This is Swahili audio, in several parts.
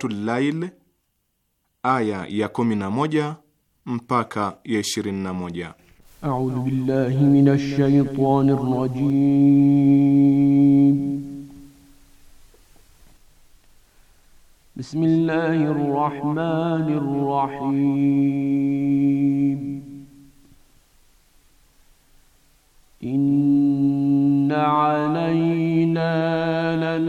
Suratul Lail aya ya kumi 11 mpaka ya 21. A'udhu billahi minash shaitanir rajim. Bismillahir rahmanir rahim. Inna alayna lal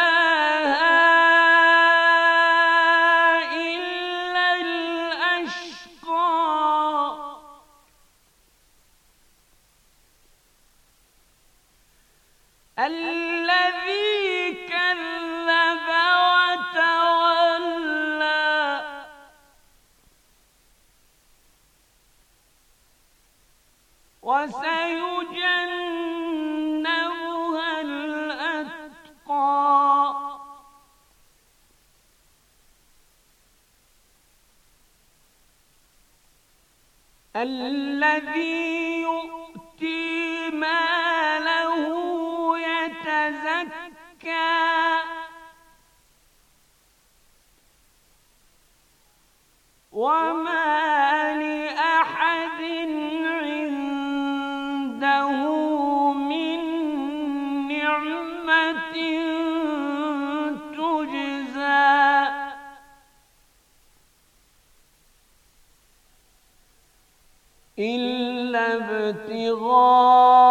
الذي إلا ابتغاء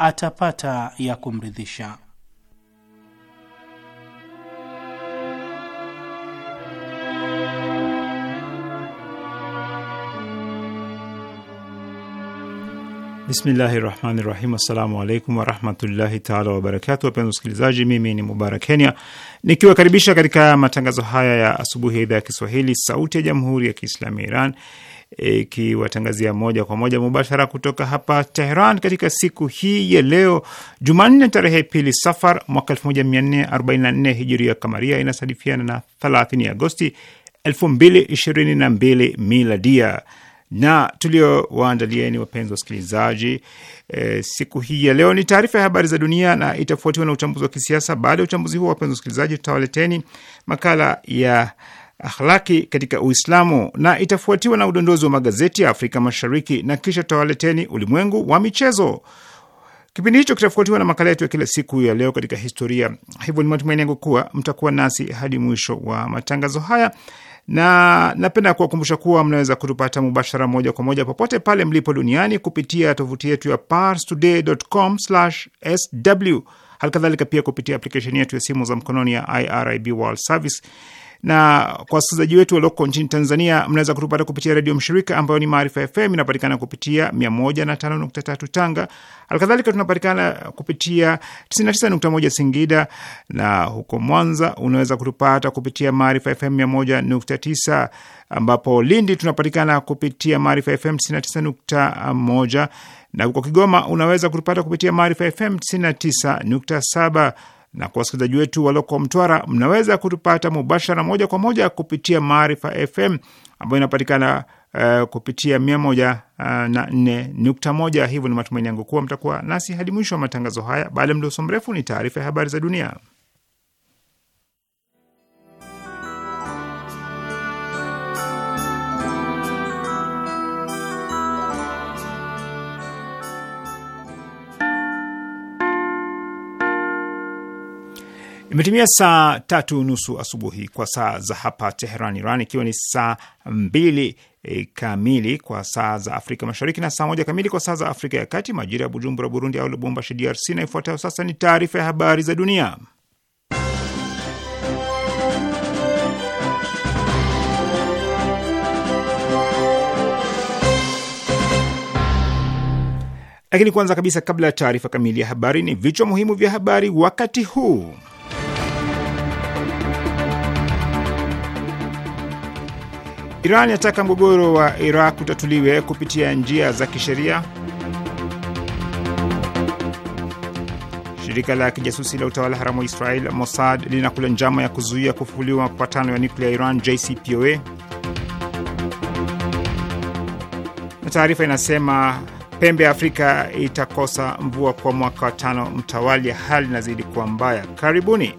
atapata ya kumridhisha. Bismillahi rahmani rahim. Assalamu alaikum warahmatullahi taala wabarakatu. Wapenzi wasikilizaji, mimi ni Mubarak Kenya nikiwakaribisha katika matangazo haya ya asubuhi ya idhaa ya Kiswahili sauti ya jamhuri ya Kiislamu ya Iran ikiwatangazia e, moja kwa moja mubashara kutoka hapa Teheran katika siku hii ya leo Jumanne tarehe pili Safar mwaka 1444 hijiria kamaria, inasadifiana na 30 Agosti 2022 miladia na tuliowaandalieni wapenzi wasikilizaji, e, siku hii ya leo ni taarifa ya habari za dunia na itafuatiwa na uchambuzi wa kisiasa. Baada ya uchambuzi huo, wapenzi wasikilizaji, tutawaleteni makala ya akhlaki katika Uislamu na itafuatiwa na udondozi wa magazeti ya Afrika Mashariki na kisha tawaleteni ulimwengu wa michezo. Kipindi hicho kitafuatiwa na makala yetu ya kila siku ya leo katika historia. Hivyo ni matumaini yangu kuwa mtakuwa nasi hadi mwisho wa matangazo haya, na napenda kuwakumbusha kuwa mnaweza kutupata mubashara, moja kwa moja, popote pale mlipo duniani kupitia tovuti yetu ya parstoday.com/sw, halikadhalika pia kupitia aplikesheni yetu ya simu za mkononi ya IRIB World Service na kwa wasikilizaji wetu walioko nchini Tanzania, mnaweza kutupata kupitia redio mshirika ambayo ni Maarifa FM, inapatikana kupitia 105.3 Tanga. Halikadhalika tunapatikana kupitia 99.1 Singida, na huko Mwanza unaweza kutupata kupitia Maarifa FM 101.9, ambapo Lindi tunapatikana kupitia Maarifa FM 99.1, na huko Kigoma unaweza kutupata kupitia Maarifa FM 99.7 na kwa wasikilizaji wetu walioko Mtwara, mnaweza kutupata mubashara moja kwa moja kupitia Maarifa FM ambayo inapatikana uh, kupitia mia moja uh, na nne nukta moja. Hivyo ni matumaini yangu kuwa mtakuwa nasi hadi mwisho wa matangazo haya. Baada ya mdoso mrefu, ni taarifa ya habari za dunia. Imetimia saa tatu nusu asubuhi kwa saa za hapa Teheran, Iran, ikiwa ni saa mbili e, kamili kwa saa za Afrika Mashariki na saa moja kamili kwa saa za Afrika ya Kati, majira ya Bujumbura, Burundi, au Lubumbashi, DRC. Na ifuatayo sasa ni taarifa ya habari za dunia, lakini kwanza kabisa, kabla ya taarifa kamili ya habari, ni vichwa muhimu vya habari wakati huu. Iran yataka mgogoro wa Iraq utatuliwe kupitia njia za kisheria. Shirika la kijasusi la utawala haramu wa Israel Mossad linakula njama ya kuzuia kufufuliwa mapatano ya nuklia ya Iran JCPOA. Na taarifa inasema pembe ya Afrika itakosa mvua kwa mwaka wa tano mtawalia. Hali inazidi kuwa mbaya. Karibuni.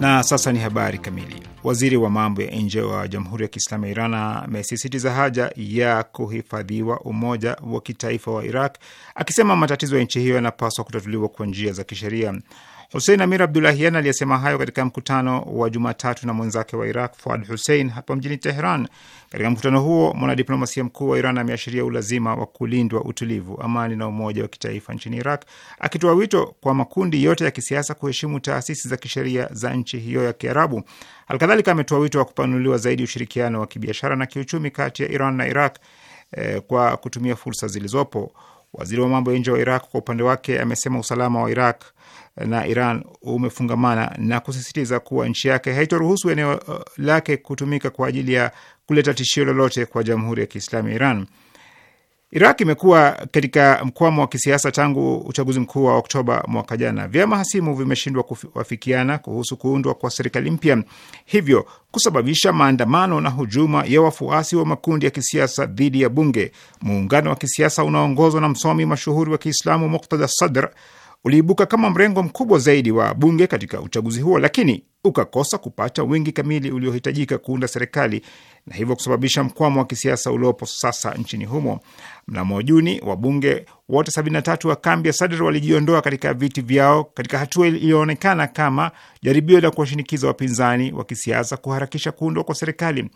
Na sasa ni habari kamili. Waziri wa mambo ya nje wa Jamhuri ya Kiislamu ya Iran amesisitiza haja ya kuhifadhiwa umoja wa kitaifa wa Iraq, akisema matatizo ya nchi hiyo yanapaswa kutatuliwa kwa njia za kisheria. Husein Amir Abdulahian aliyesema hayo katika mkutano wa Jumatatu na mwenzake wa Iraq Fuad husein hapa mjini Teheran. Katika mkutano huo, mwanadiplomasia mkuu wa Iran ameashiria ulazima wa kulindwa utulivu, amani na umoja wa kitaifa nchini Iraq, akitoa wito kwa makundi yote ya kisiasa kuheshimu taasisi za kisheria za nchi hiyo ya Kiarabu. Halikadhalika, ametoa wito wa kupanuliwa zaidi ushirikiano wa kibiashara na kiuchumi kati ya Iran na Iraq eh, kwa kutumia fursa zilizopo. Waziri wa mambo ya nje wa Iraq kwa upande wake amesema usalama wa Iraq na Iran umefungamana na kusisitiza kuwa nchi yake haitoruhusu eneo uh, lake kutumika kwa ajili ya kuleta tishio lolote kwa Jamhuri ya Kiislamu ya Iran. Iraq imekuwa katika mkwamo wa kisiasa tangu uchaguzi mkuu wa Oktoba mwaka jana. Vyama hasimu vimeshindwa kuwafikiana kuhusu kuundwa kwa serikali mpya, hivyo kusababisha maandamano na hujuma ya wafuasi wa makundi ya kisiasa dhidi ya bunge. Muungano wa kisiasa unaoongozwa na msomi mashuhuri wa Kiislamu Muqtada Sadr uliibuka kama mrengo mkubwa zaidi wa bunge katika uchaguzi huo, lakini ukakosa kupata wingi kamili uliohitajika kuunda serikali na hivyo kusababisha mkwamo wa kisiasa uliopo sasa nchini humo. Mnamo Juni, wabunge wote 73 wa kambi ya Sadr walijiondoa katika viti vyao katika hatua iliyoonekana kama jaribio la kuwashinikiza wapinzani wa kisiasa kuharakisha kuundwa kwa serikali.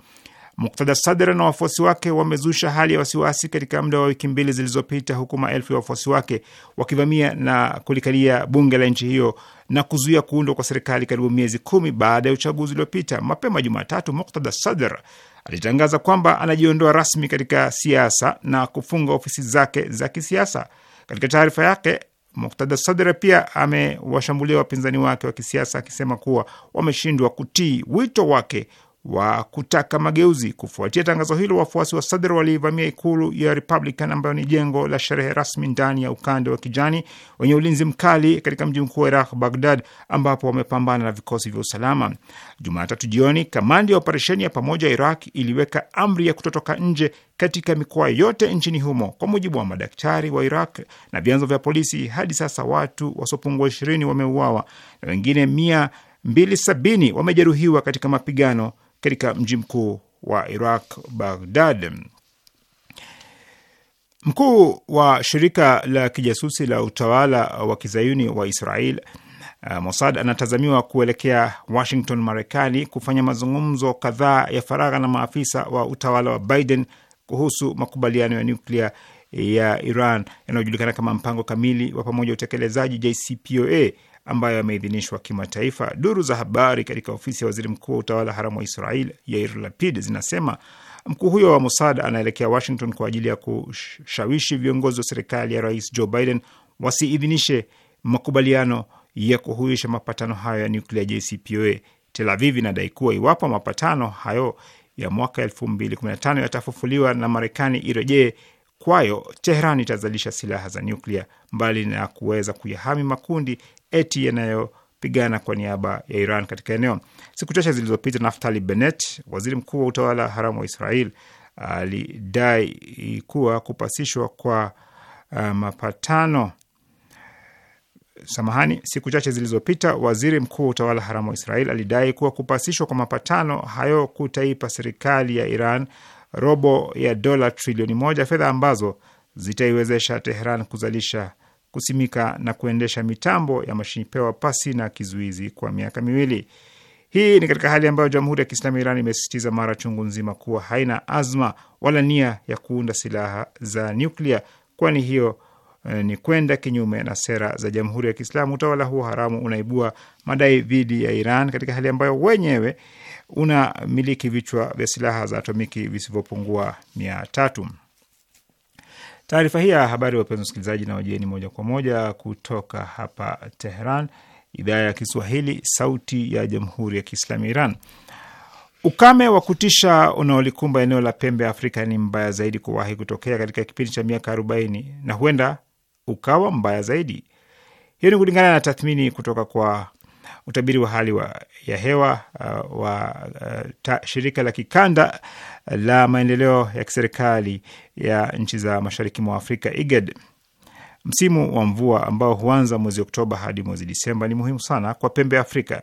Muktada Sadr na wafuasi wake wamezusha hali ya wasiwasi katika muda wa wiki mbili zilizopita, huku maelfu ya wafuasi wake wakivamia na kulikalia bunge la nchi hiyo na kuzuia kuundwa kwa serikali karibu miezi kumi baada ya uchaguzi uliopita. Mapema Jumatatu, Muktada Sadr alitangaza kwamba anajiondoa rasmi katika siasa na kufunga ofisi zake za kisiasa. Katika taarifa yake Muktada Sadra pia amewashambulia wapinzani wake wa kisiasa akisema kuwa wameshindwa kutii wito wake wa kutaka mageuzi. Kufuatia tangazo hilo, wafuasi wa Sadr waliivamia ikulu ya Republican ambayo ni jengo la sherehe rasmi ndani ya ukanda wa kijani wenye ulinzi mkali katika mji mkuu wa Iraq, Baghdad, ambapo wamepambana na vikosi vya usalama. Jumatatu jioni, kamandi ya operesheni ya pamoja Iraq iliweka amri ya kutotoka nje katika mikoa yote nchini humo. Kwa mujibu wa madaktari wa Iraq na vyanzo vya polisi, hadi sasa watu wasiopungua ishirini wameuawa na wengine mia mbili sabini wamejeruhiwa katika mapigano katika mji mkuu wa Iraq, Baghdad. Mkuu wa shirika la kijasusi la utawala wa kizayuni wa Israel uh, Mossad anatazamiwa kuelekea Washington, Marekani, kufanya mazungumzo kadhaa ya faragha na maafisa wa utawala wa Biden kuhusu makubaliano ya nuklia ya Iran yanayojulikana kama mpango kamili wa pamoja utekelezaji JCPOA ambayo yameidhinishwa kimataifa. Duru za habari katika ofisi ya waziri mkuu wa utawala haramu wa Israel Yair Lapid zinasema mkuu huyo wa Mossad anaelekea Washington kwa ajili ya kushawishi viongozi wa serikali ya rais Joe Biden wasiidhinishe makubaliano ya kuhuisha mapatano hayo ya nuklia JCPOA. Tel Aviv inadai kuwa iwapo mapatano hayo ya mwaka 2015 yatafufuliwa na Marekani irejee kwayo, teheran itazalisha silaha za nyuklia mbali na kuweza kuyahami makundi eti yanayopigana kwa niaba ya Iran katika eneo. Siku chache zilizopita, Naftali Bennett, waziri mkuu wa utawala haramu wa Israel, alidai kuwa kupasishwa kwa uh, mapatano Samahani, siku chache zilizopita waziri mkuu wa utawala haramu wa Israel alidai kuwa kupasishwa kwa mapatano hayo kutaipa serikali ya Iran robo ya dola trilioni moja, fedha ambazo zitaiwezesha Teheran kuzalisha kusimika na kuendesha mitambo ya pewa pasi na kizuizi kwa miaka miwili. Hii ni katika hali ambayo Jamhuri ya Kiislamu ya Iran imesisitiza mara chungu nzima kuwa haina azma wala nia ya kuunda silaha za nyuklia, kwani hiyo eh, ni kwenda kinyume na sera za Jamhuri ya Kiislamu. Utawala huo haramu unaibua madai dhidi ya Iran katika hali ambayo wenyewe unamiliki vichwa vya silaha za atomiki visivyopungua mia tatu. Taarifa hii ya habari, wapenzi wasikilizaji, na wajieni moja kwa moja kutoka hapa Teheran, idhaa ya Kiswahili, sauti ya jamhuri ya kiislamu ya Iran. Ukame wa kutisha unaolikumba eneo la pembe ya Afrika ni mbaya zaidi kuwahi kutokea katika kipindi cha miaka arobaini na huenda ukawa mbaya zaidi. Hiyo ni kulingana na tathmini kutoka kwa utabiri wa hali wa, ya hewa uh, wa uh, ta, shirika la kikanda la maendeleo ya kiserikali ya nchi za mashariki mwa Afrika, IGAD. E Msimu wa mvua ambao huanza mwezi Oktoba hadi mwezi Disemba ni muhimu sana kwa pembe ya Afrika.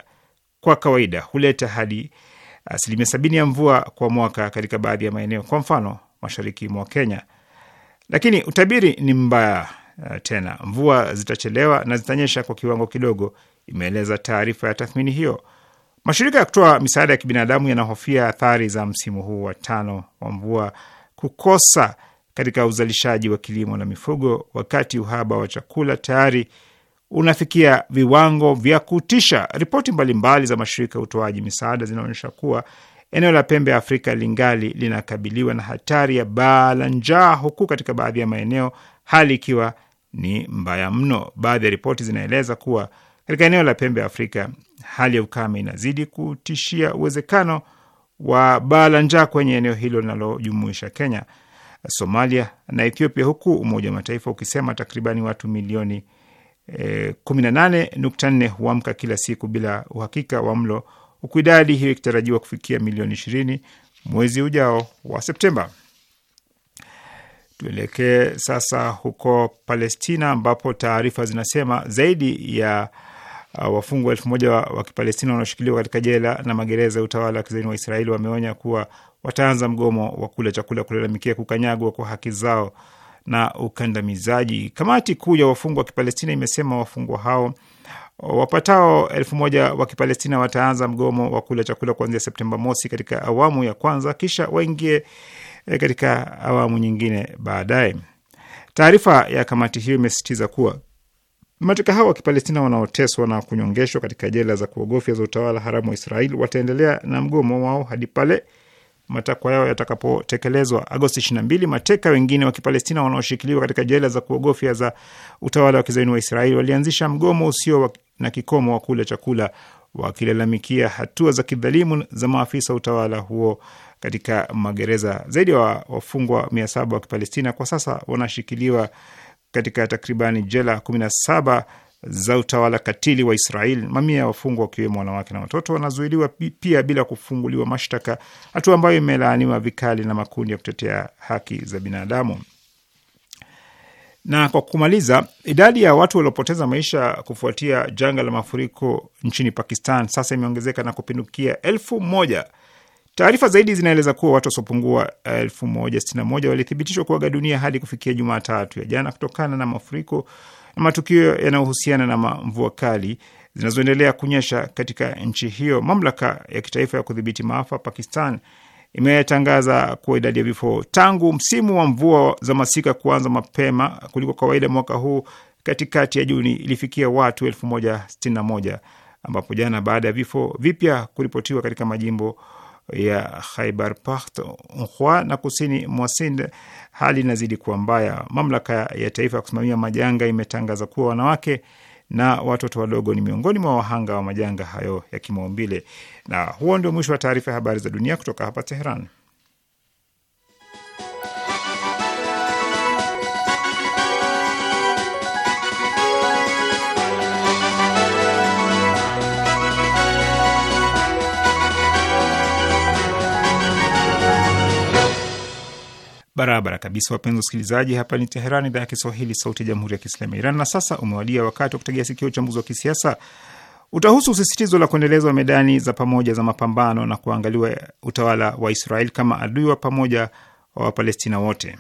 Kwa kawaida huleta hadi uh, asilimia sabini ya mvua kwa mwaka katika baadhi ya maeneo, kwa mfano mashariki mwa Kenya. Lakini utabiri ni mbaya uh, tena, mvua zitachelewa na zitanyesha kwa kiwango kidogo, imeeleza taarifa ya tathmini hiyo. Mashirika ya kutoa misaada ya kibinadamu yanahofia athari za msimu huu wa tano wa mvua kukosa katika uzalishaji wa kilimo na mifugo, wakati uhaba wa chakula tayari unafikia viwango vya kutisha. Ripoti mbalimbali za mashirika ya utoaji misaada zinaonyesha kuwa eneo la pembe ya Afrika lingali linakabiliwa na hatari ya baa la njaa, huku katika baadhi ya maeneo hali ikiwa ni mbaya mno. Baadhi ya ripoti zinaeleza kuwa katika eneo la pembe ya Afrika, hali ya ukame inazidi kutishia uwezekano wa baa la njaa kwenye eneo hilo linalojumuisha Kenya, Somalia na Ethiopia, huku Umoja wa Mataifa ukisema takribani watu milioni eh, e, 18.4 huamka kila siku bila uhakika wa mlo, huku idadi hiyo ikitarajiwa kufikia milioni 20 mwezi ujao wa Septemba. Tuelekee sasa huko Palestina ambapo taarifa zinasema zaidi ya Uh, wafungwa elfu moja wa, wa Kipalestina wanaoshikiliwa katika jela na magereza ya utawala wa kizaini wa Israeli wameonya kuwa wataanza mgomo wa kula chakula kulalamikia kukanyagwa kwa haki zao na ukandamizaji. Kamati kuu ya wafungwa wa Kipalestina imesema wafungwa hao wapatao elfu moja wa Kipalestina wataanza mgomo wa kula chakula kuanzia Septemba mosi katika awamu ya kwanza, kisha waingie e, katika awamu nyingine baadaye. Taarifa ya kamati hiyo imesisitiza kuwa Mateka hao wa Kipalestina wanaoteswa na kunyongeshwa katika jela za kuogofya za utawala haramu wa Israel wataendelea na mgomo wao hadi pale matakwa yao yatakapotekelezwa. Agosti 22, mateka wengine wa Kipalestina wanaoshikiliwa katika jela za kuogofya za utawala wa kizaini wa Israeli walianzisha mgomo usio na kikomo wa kula chakula, wakilalamikia hatua za kidhalimu za maafisa utawala huo katika magereza. Zaidi ya wa wafungwa 700 wa Kipalestina kwa sasa wanashikiliwa katika takribani jela 17 za utawala katili wa Israel. Mamia ya wafungwa wakiwemo wanawake na watoto wanazuiliwa pia bila kufunguliwa mashtaka, hatua ambayo imelaaniwa vikali na makundi ya kutetea haki za binadamu. Na kwa kumaliza, idadi ya watu waliopoteza maisha kufuatia janga la mafuriko nchini Pakistan sasa imeongezeka na kupindukia elfu moja Taarifa zaidi zinaeleza kuwa watu wasiopungua 1 walithibitishwa kuaga dunia hadi kufikia Jumatatu ya jana kutokana na mafuriko na matukio yanayohusiana na mvua kali zinazoendelea kunyesha katika nchi hiyo. Mamlaka ya kitaifa ya kudhibiti maafa Pakistan imetangaza kuwa idadi ya vifo tangu msimu wa mvua za masika kuanza mapema kuliko kawaida mwaka huu katikati ya Juni ilifikia watu elfu ambapo jana baada ya vifo vipya kuripotiwa katika majimbo ya Khaibar Pakhtunkhwa na kusini mwa Sind, hali inazidi kuwa mbaya. Mamlaka ya taifa ya kusimamia majanga imetangaza kuwa wanawake na watoto wadogo ni miongoni mwa wahanga wa majanga hayo ya kimaumbile. Na huo ndio mwisho wa taarifa ya habari za dunia kutoka hapa Teheran. barabara kabisa, wapenzi wasikilizaji. Hapa ni teheran idhaa ya Kiswahili, sauti ya jamhuri ya kiislamu ya Iran. Na sasa umewadia wakati wa kutegea sikio. Uchambuzi wa kisiasa utahusu usisitizo la kuendelezwa medani za pamoja za mapambano na kuangaliwa utawala wa israel kama adui wa pamoja wa Wapalestina wote.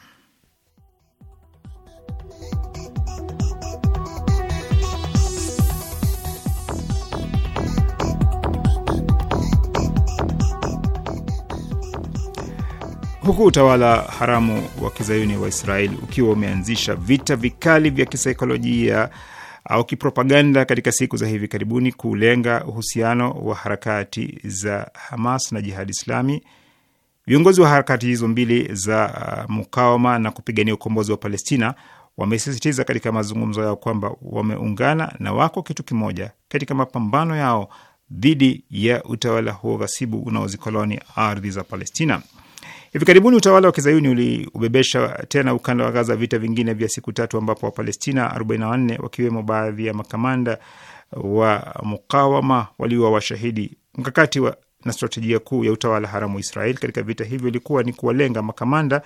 huku utawala haramu wa kizayuni wa Israel ukiwa umeanzisha vita vikali vya kisaikolojia au kipropaganda katika siku za hivi karibuni kulenga uhusiano wa harakati za Hamas na Jihadi Islami. Viongozi wa harakati hizo mbili za uh, mukawama na kupigania ukombozi wa Palestina wamesisitiza katika mazungumzo yao kwamba wameungana na wako kitu kimoja katika mapambano yao dhidi ya utawala huo ghasibu unaozikoloni ardhi za Palestina. Hivi karibuni utawala wa kizayuni uliubebesha tena ukanda wa Gaza vita vingine vya siku tatu, ambapo Wapalestina 44 wakiwemo baadhi ya makamanda wa mukawama waliwa washahidi. Mkakati wa na strategia kuu ya utawala haramu Israel katika vita hivyo ilikuwa ni kuwalenga makamanda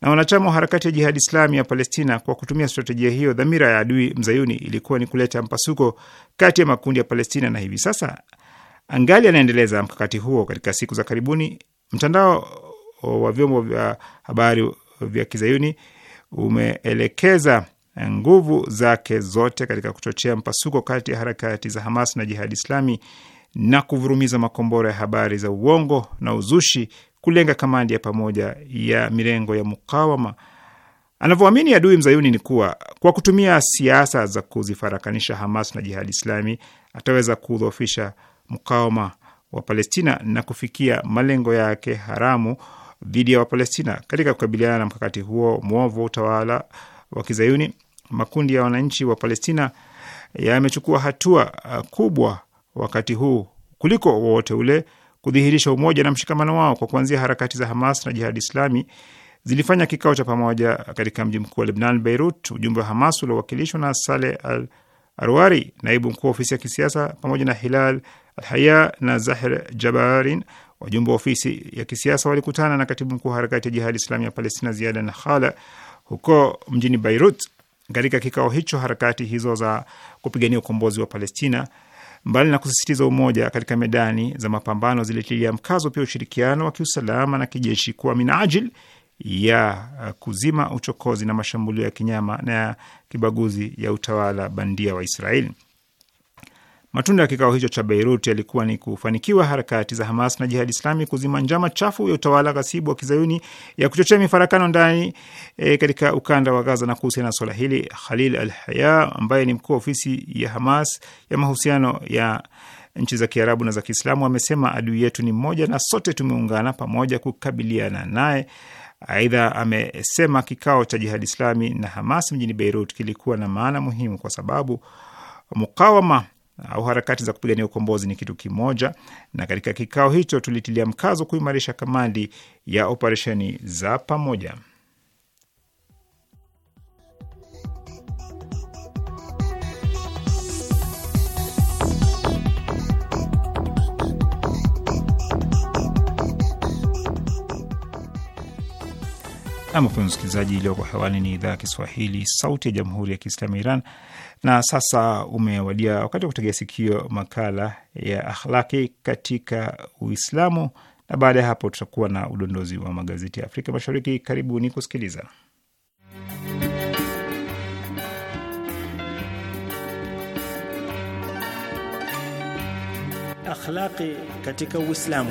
na wanachama wa harakati ya Jihadi Islami ya Palestina. Kwa kutumia strategia hiyo, dhamira ya adui mzayuni ilikuwa ni kuleta mpasuko kati ya makundi ya Palestina, na hivi sasa angali anaendeleza mkakati huo. Katika siku za karibuni, mtandao wa vyombo vya habari vya kizayuni umeelekeza nguvu zake zote katika kuchochea mpasuko kati ya harakati za Hamas na Jihadi Islami na kuvurumiza makombora ya habari za uongo na uzushi kulenga kamandi ya pamoja ya mirengo ya mukawama. Anavyoamini adui mzayuni ni kuwa kwa kutumia siasa za kuzifarakanisha Hamas na Jihadi Islami ataweza kudhoofisha mukawama wa Palestina na kufikia malengo yake haramu dhidi ya Wapalestina. Katika kukabiliana na mkakati huo mwovu wa utawala wa kizayuni, makundi ya wananchi wa Palestina yamechukua hatua uh, kubwa wakati huu kuliko wowote ule kudhihirisha umoja na mshikamano wao. Kwa kuanzia harakati za Hamas na Jihadi Islami zilifanya kikao cha pamoja katika mji mkuu wa Lebnan, Beirut. Ujumbe wa Hamas uliowakilishwa na Saleh Al Arwari, naibu mkuu wa ofisi ya kisiasa, pamoja na Hilal Alhaya na Zahir Jabarin, Wajumbe wa ofisi ya kisiasa walikutana na katibu mkuu wa harakati ya Jihadi Islami ya Palestina Ziada nahala huko mjini Beirut. Katika kikao hicho, harakati hizo za kupigania ukombozi wa Palestina, mbali na kusisitiza umoja katika medani za mapambano, zilitilia mkazo pia ushirikiano wa kiusalama na kijeshi kuwa minajil ya kuzima uchokozi na mashambulio ya kinyama na ya kibaguzi ya utawala bandia wa Israeli. Matunda ya kikao hicho cha Beirut yalikuwa ni kufanikiwa harakati za Hamas na Jihadi Islami kuzima njama chafu ya utawala ghasibu wa kizayuni ya kuchochea mifarakano ndani e, katika ukanda wa Gaza. Na kuhusiana na swala hili, Khalil Al Haya ambaye ni mkuu wa ofisi ya Hamas ya mahusiano ya nchi za Kiarabu na za Kiislamu amesema adui yetu ni mmoja na sote tumeungana pamoja kukabiliana naye. Aidha, amesema kikao cha Jihadi Islami na Hamas mjini Beirut kilikuwa na maana muhimu kwa sababu mukawama au harakati za kupigania ukombozi ni kitu kimoja, na katika kikao hicho tulitilia mkazo kuimarisha kamandi ya operesheni za pamoja. na mpenzi msikilizaji, iliyoko hewani ni idhaa ya Kiswahili, sauti ya jamhuri ya kiislamu ya Iran. Na sasa umewadia wakati wa kutegea sikio makala ya akhlaki katika Uislamu, na baada ya hapo tutakuwa na udondozi wa magazeti ya Afrika Mashariki. Karibuni kusikiliza. Akhlaki katika Uislamu.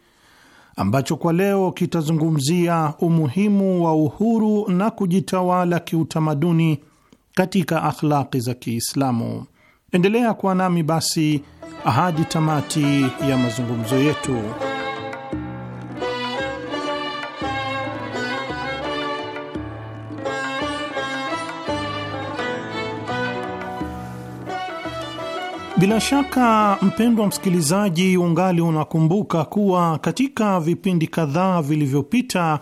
ambacho kwa leo kitazungumzia umuhimu wa uhuru na kujitawala kiutamaduni katika akhlaqi za Kiislamu. Endelea kuwa nami basi hadi tamati ya mazungumzo yetu. Bila shaka mpendwa msikilizaji, ungali unakumbuka kuwa katika vipindi kadhaa vilivyopita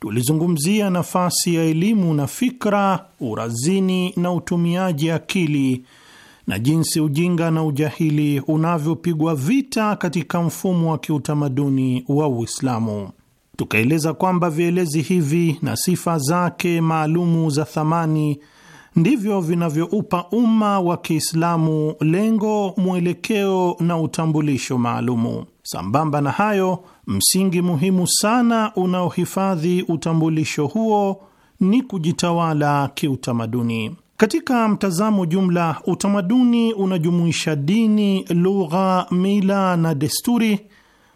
tulizungumzia nafasi ya elimu na fikra, urazini na utumiaji akili na jinsi ujinga na ujahili unavyopigwa vita katika mfumo wa kiutamaduni wa Uislamu. Tukaeleza kwamba vielezi hivi na sifa zake maalumu za thamani ndivyo vinavyoupa umma wa Kiislamu lengo, mwelekeo na utambulisho maalumu. Sambamba na hayo, msingi muhimu sana unaohifadhi utambulisho huo ni kujitawala kiutamaduni. Katika mtazamo jumla, utamaduni unajumuisha dini, lugha, mila na desturi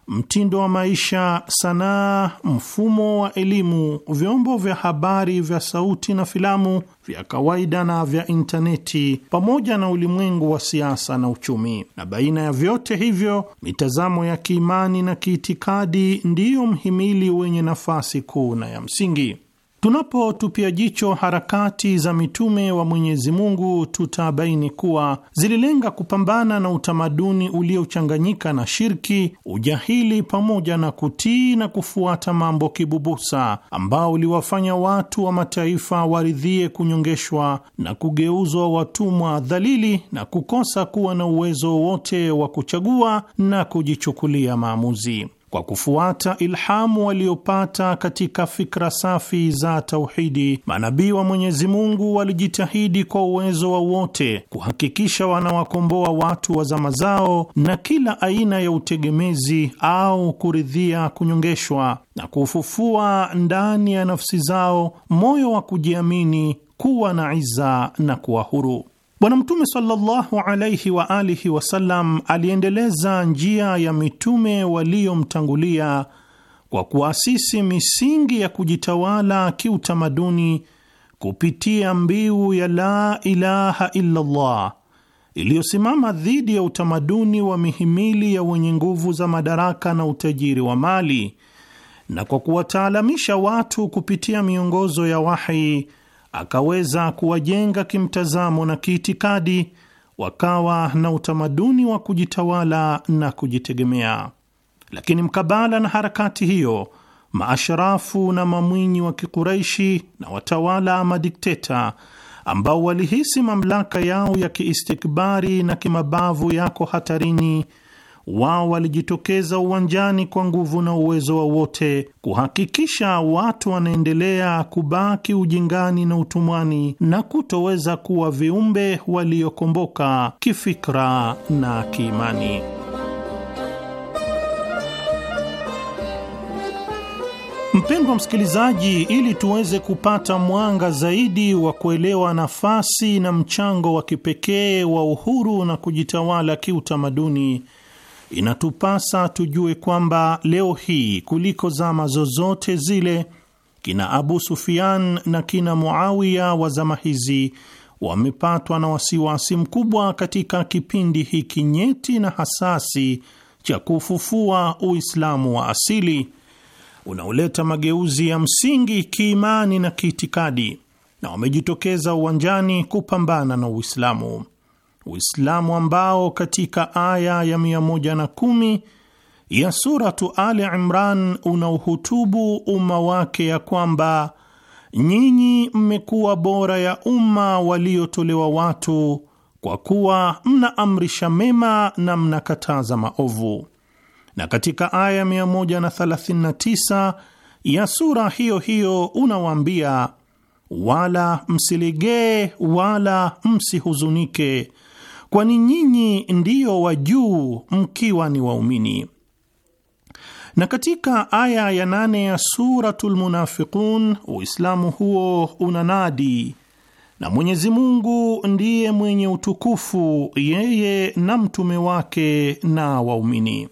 mtindo wa maisha, sanaa, mfumo wa elimu, vyombo vya habari vya sauti na filamu, vya kawaida na vya intaneti, pamoja na ulimwengu wa siasa na uchumi. Na baina ya vyote hivyo, mitazamo ya kiimani na kiitikadi ndiyo mhimili wenye nafasi kuu na ya msingi. Tunapotupia jicho harakati za mitume wa Mwenyezi Mungu tutabaini kuwa zililenga kupambana na utamaduni uliochanganyika na shirki, ujahili, pamoja na kutii na kufuata mambo kibubusa, ambao uliwafanya watu wa mataifa waridhie kunyongeshwa na kugeuzwa watumwa dhalili na kukosa kuwa na uwezo wote wa kuchagua na kujichukulia maamuzi. Kwa kufuata ilhamu waliopata katika fikra safi za tauhidi, manabii wa Mwenyezi Mungu walijitahidi kwa uwezo wa wote kuhakikisha wanawakomboa watu wa zama zao na kila aina ya utegemezi au kuridhia kunyongeshwa, na kufufua ndani ya nafsi zao moyo wa kujiamini, kuwa na iza na kuwa huru. Bwana Mtume sallallahu alaihi wa alihi wasallam aliendeleza njia ya mitume waliomtangulia kwa kuasisi misingi ya kujitawala kiutamaduni kupitia mbiu ya la ilaha illallah iliyosimama dhidi ya utamaduni wa mihimili ya wenye nguvu za madaraka na utajiri wa mali na kwa kuwataalamisha watu kupitia miongozo ya wahi akaweza kuwajenga kimtazamo na kiitikadi, wakawa na utamaduni wa kujitawala na kujitegemea. Lakini mkabala na harakati hiyo, maasharafu na mamwinyi wa Kikuraishi na watawala madikteta ambao walihisi mamlaka yao ya kiistikbari na kimabavu yako hatarini wao walijitokeza uwanjani kwa nguvu na uwezo wawote wote kuhakikisha watu wanaendelea kubaki ujingani na utumwani na kutoweza kuwa viumbe waliokomboka kifikra na kiimani. Mpendwa msikilizaji, ili tuweze kupata mwanga zaidi wa kuelewa nafasi na mchango wa kipekee wa uhuru na kujitawala kiutamaduni inatupasa tujue kwamba leo hii kuliko zama zozote zile kina Abu Sufyan na kina Muawiya wa zama hizi wamepatwa na wasiwasi mkubwa katika kipindi hiki nyeti na hasasi cha kufufua Uislamu wa asili unaoleta mageuzi ya msingi kiimani na kiitikadi, na wamejitokeza uwanjani kupambana na Uislamu. Uislamu ambao katika aya ya 110 ya Suratu Ali Imran unauhutubu umma wake ya kwamba nyinyi mmekuwa bora ya umma waliotolewa watu kwa kuwa mnaamrisha mema na mnakataza maovu. Na katika aya 139 ya sura hiyo hiyo unawaambia, wala msilegee wala msihuzunike kwani nyinyi ndiyo wa juu mkiwa ni waumini. Na katika aya ya nane ya Suratul Munafiqun, Uislamu huo unanadi na Mwenyezi Mungu ndiye mwenye utukufu, yeye na mtume wake na waumini.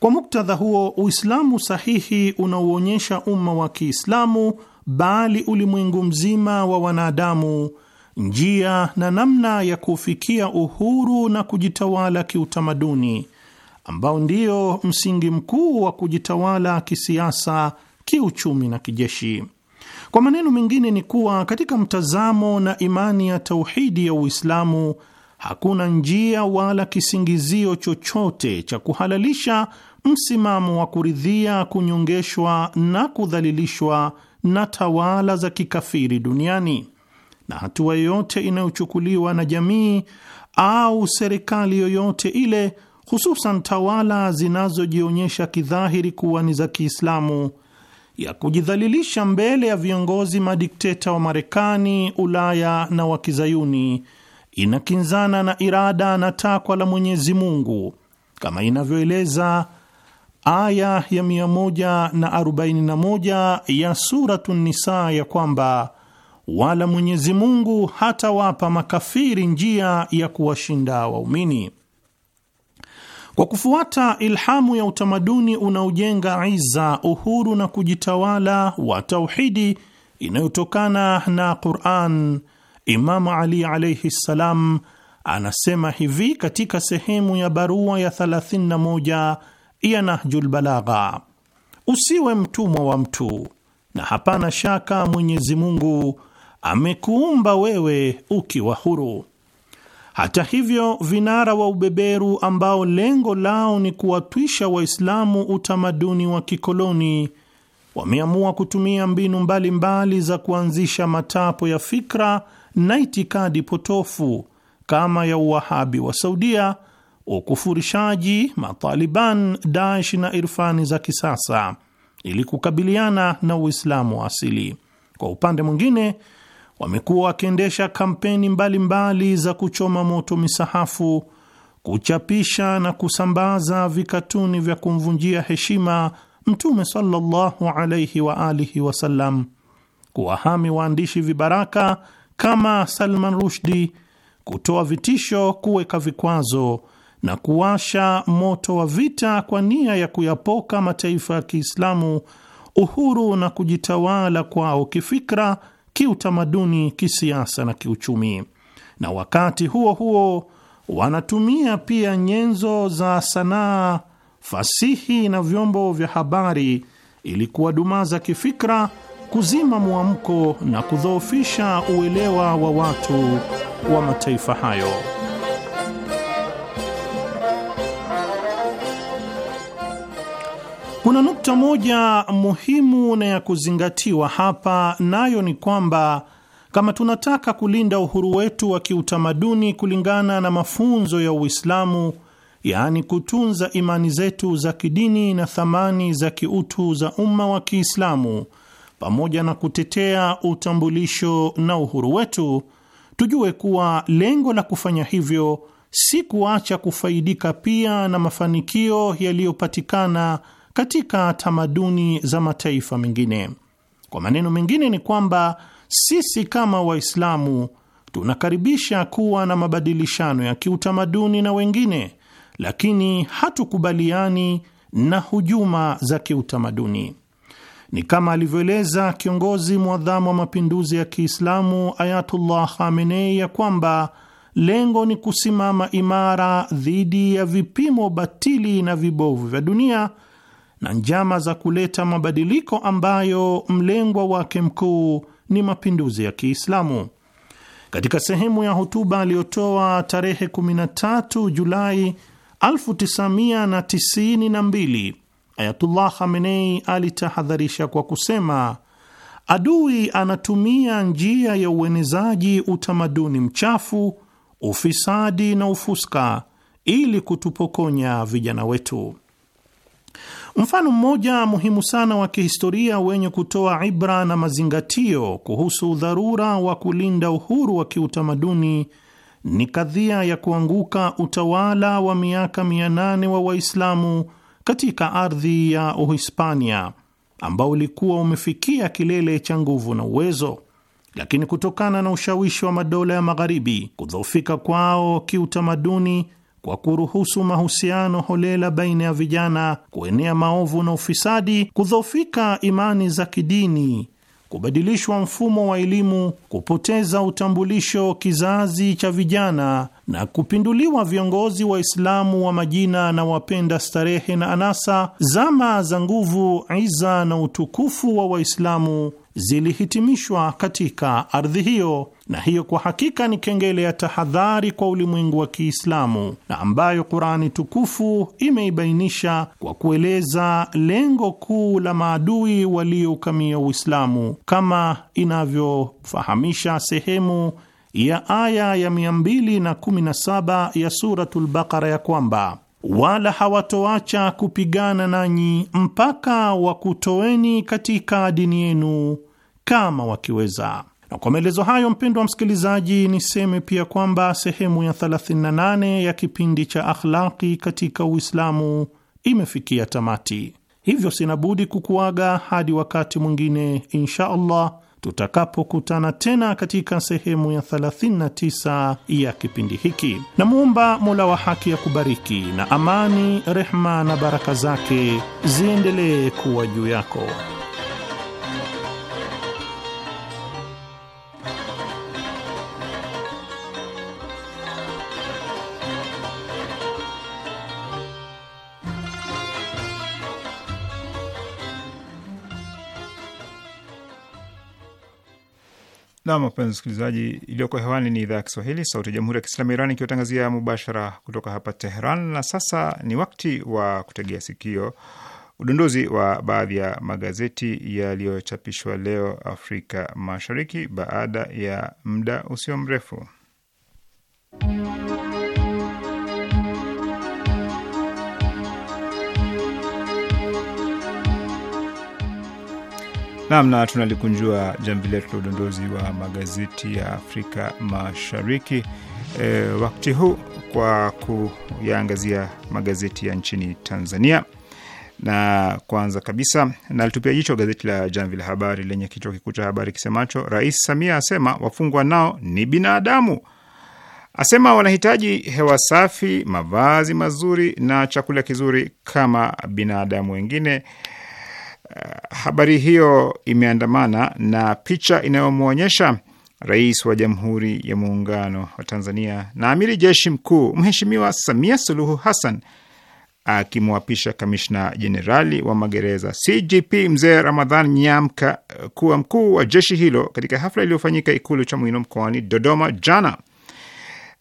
Kwa muktadha huo, Uislamu sahihi unauonyesha umma wa Kiislamu, bali ulimwengu mzima wa wanadamu njia na namna ya kufikia uhuru na kujitawala kiutamaduni ambao ndio msingi mkuu wa kujitawala kisiasa, kiuchumi na kijeshi. Kwa maneno mengine ni kuwa katika mtazamo na imani ya tauhidi ya Uislamu hakuna njia wala kisingizio chochote cha kuhalalisha msimamo wa kuridhia kunyongeshwa na kudhalilishwa na tawala za kikafiri duniani na hatua yoyote inayochukuliwa na jamii au serikali yoyote ile, hususan tawala zinazojionyesha kidhahiri kuwa ni za Kiislamu, ya kujidhalilisha mbele ya viongozi madikteta wa Marekani, Ulaya na wakizayuni inakinzana na irada na takwa la Mwenyezi Mungu kama inavyoeleza aya ya 141 ya Suratu Nisaa ya kwamba wala Mwenyezi Mungu hatawapa makafiri njia ya kuwashinda waumini. Kwa kufuata ilhamu ya utamaduni unaojenga iza, uhuru na kujitawala wa tauhidi inayotokana na Quran, Imamu Ali alaihi ssalam anasema hivi katika sehemu ya barua ya 31 ya Nahjul Balagha: usiwe mtumwa wa mtu, na hapana shaka Mwenyezi Mungu amekuumba wewe ukiwa huru. Hata hivyo, vinara wa ubeberu ambao lengo lao ni kuwatwisha Waislamu utamaduni wa kikoloni wameamua kutumia mbinu mbalimbali mbali za kuanzisha matapo ya fikra na itikadi potofu kama ya Uwahabi wa Saudia, ukufurishaji, Mataliban, Daesh na irfani za kisasa ili kukabiliana na Uislamu wa asili. Kwa upande mwingine wamekuwa wakiendesha kampeni mbalimbali mbali za kuchoma moto misahafu, kuchapisha na kusambaza vikatuni vya kumvunjia heshima Mtume sallallahu alaihi wa alihi wasallam, kuwahami waandishi vibaraka kama Salman Rushdi, kutoa vitisho, kuweka vikwazo na kuwasha moto wa vita kwa nia ya kuyapoka mataifa ya Kiislamu uhuru na kujitawala kwao kifikra kiutamaduni, kisiasa na kiuchumi, na wakati huo huo wanatumia pia nyenzo za sanaa, fasihi na vyombo vya habari ili kuwadumaza kifikra, kuzima mwamko na kudhoofisha uelewa wa watu wa mataifa hayo. Kuna nukta moja muhimu na ya kuzingatiwa hapa, nayo ni kwamba kama tunataka kulinda uhuru wetu wa kiutamaduni kulingana na mafunzo ya Uislamu, yaani kutunza imani zetu za kidini na thamani za kiutu za umma wa Kiislamu, pamoja na kutetea utambulisho na uhuru wetu, tujue kuwa lengo la kufanya hivyo si kuacha kufaidika pia na mafanikio yaliyopatikana katika tamaduni za mataifa mengine. Kwa maneno mengine, ni kwamba sisi kama Waislamu tunakaribisha kuwa na mabadilishano ya kiutamaduni na wengine, lakini hatukubaliani na hujuma za kiutamaduni. Ni kama alivyoeleza kiongozi mwadhamu wa mapinduzi ya Kiislamu Ayatullah Khamenei ya kwamba lengo ni kusimama imara dhidi ya vipimo batili na vibovu vya dunia na njama za kuleta mabadiliko ambayo mlengwa wake mkuu ni mapinduzi ya Kiislamu. Katika sehemu ya hotuba aliyotoa tarehe 13 Julai 1992 Ayatullah Khamenei alitahadharisha kwa kusema, adui anatumia njia ya uenezaji utamaduni mchafu, ufisadi na ufuska ili kutupokonya vijana wetu. Mfano mmoja muhimu sana wa kihistoria wenye kutoa ibra na mazingatio kuhusu dharura wa kulinda uhuru wa kiutamaduni ni kadhia ya kuanguka utawala wa miaka mia nane wa Waislamu katika ardhi ya Uhispania ambao ulikuwa umefikia kilele cha nguvu na uwezo, lakini kutokana na ushawishi wa madola ya Magharibi, kudhoofika kwao kiutamaduni kwa kuruhusu mahusiano holela baina ya vijana, kuenea maovu na ufisadi, kudhofika imani za kidini, kubadilishwa mfumo wa elimu, kupoteza utambulisho kizazi cha vijana na kupinduliwa viongozi Waislamu wa majina na wapenda starehe na anasa, zama za nguvu, iza na utukufu wa Waislamu zilihitimishwa katika ardhi hiyo, na hiyo kwa hakika ni kengele ya tahadhari kwa ulimwengu wa Kiislamu na ambayo Kurani tukufu imeibainisha kwa kueleza lengo kuu la maadui walioukamia Uislamu kama inavyofahamisha sehemu ya aya ya 217 ya Suratul Baqara ya kwamba wala hawatoacha kupigana nanyi mpaka wakutoeni katika dini yenu kama wakiweza. Na kwa maelezo hayo, mpendo wa msikilizaji, niseme pia kwamba sehemu ya 38 ya kipindi cha Akhlaqi katika Uislamu imefikia tamati, hivyo sinabudi kukuaga hadi wakati mwingine insha Allah tutakapokutana tena katika sehemu ya 39 ya kipindi hiki. Namwomba Mola wa haki ya kubariki na amani, rehma na baraka zake ziendelee kuwa juu yako. Nam, wapenzi msikilizaji, iliyoko hewani ni idhaa ya Kiswahili sauti ya jamhuri ya kiislamu ya Iran ikiwatangazia mubashara kutoka hapa Teheran. Na sasa ni wakti wa kutegea sikio udunduzi wa baadhi ya magazeti yaliyochapishwa leo Afrika Mashariki baada ya muda usio mrefu. Nam na tunalikunjua jamvi letu la udondozi wa magazeti ya Afrika Mashariki e, wakati huu kwa kuyaangazia magazeti ya nchini Tanzania, na kwanza kabisa nalitupia jicho gazeti la Jamvi la Habari lenye kichwa kikuu cha habari kisemacho Rais Samia asema wafungwa nao ni binadamu, asema wanahitaji hewa safi, mavazi mazuri na chakula kizuri kama binadamu wengine habari hiyo imeandamana na picha inayomwonyesha Rais wa Jamhuri ya Muungano wa Tanzania na amiri jeshi mkuu Mheshimiwa Samia Suluhu Hassan akimwapisha kamishna jenerali wa magereza CGP Mzee Ramadhan Nyamka eh, kuwa mkuu wa jeshi hilo katika hafla iliyofanyika Ikulu Chamwino mkoani Dodoma jana.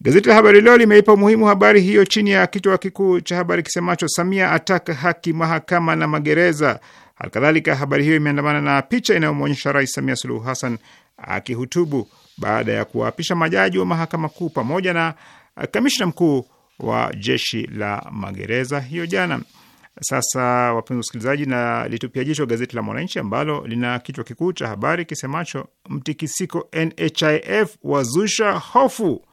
Gazeti la Habari Leo limeipa umuhimu habari hiyo chini ya kichwa kikuu cha habari kisemacho, Samia ataka haki mahakama na magereza, Alkadhalika, habari hiyo imeandamana na picha inayomwonyesha Rais Samia Suluhu Hassan akihutubu baada ya kuwaapisha majaji wa mahakama kuu pamoja na kamishna mkuu wa jeshi la magereza hiyo jana. Sasa wapenzi wasikilizaji, na litupia jicho gazeti la Mwananchi ambalo lina kichwa kikuu cha habari kisemacho mtikisiko NHIF wazusha hofu,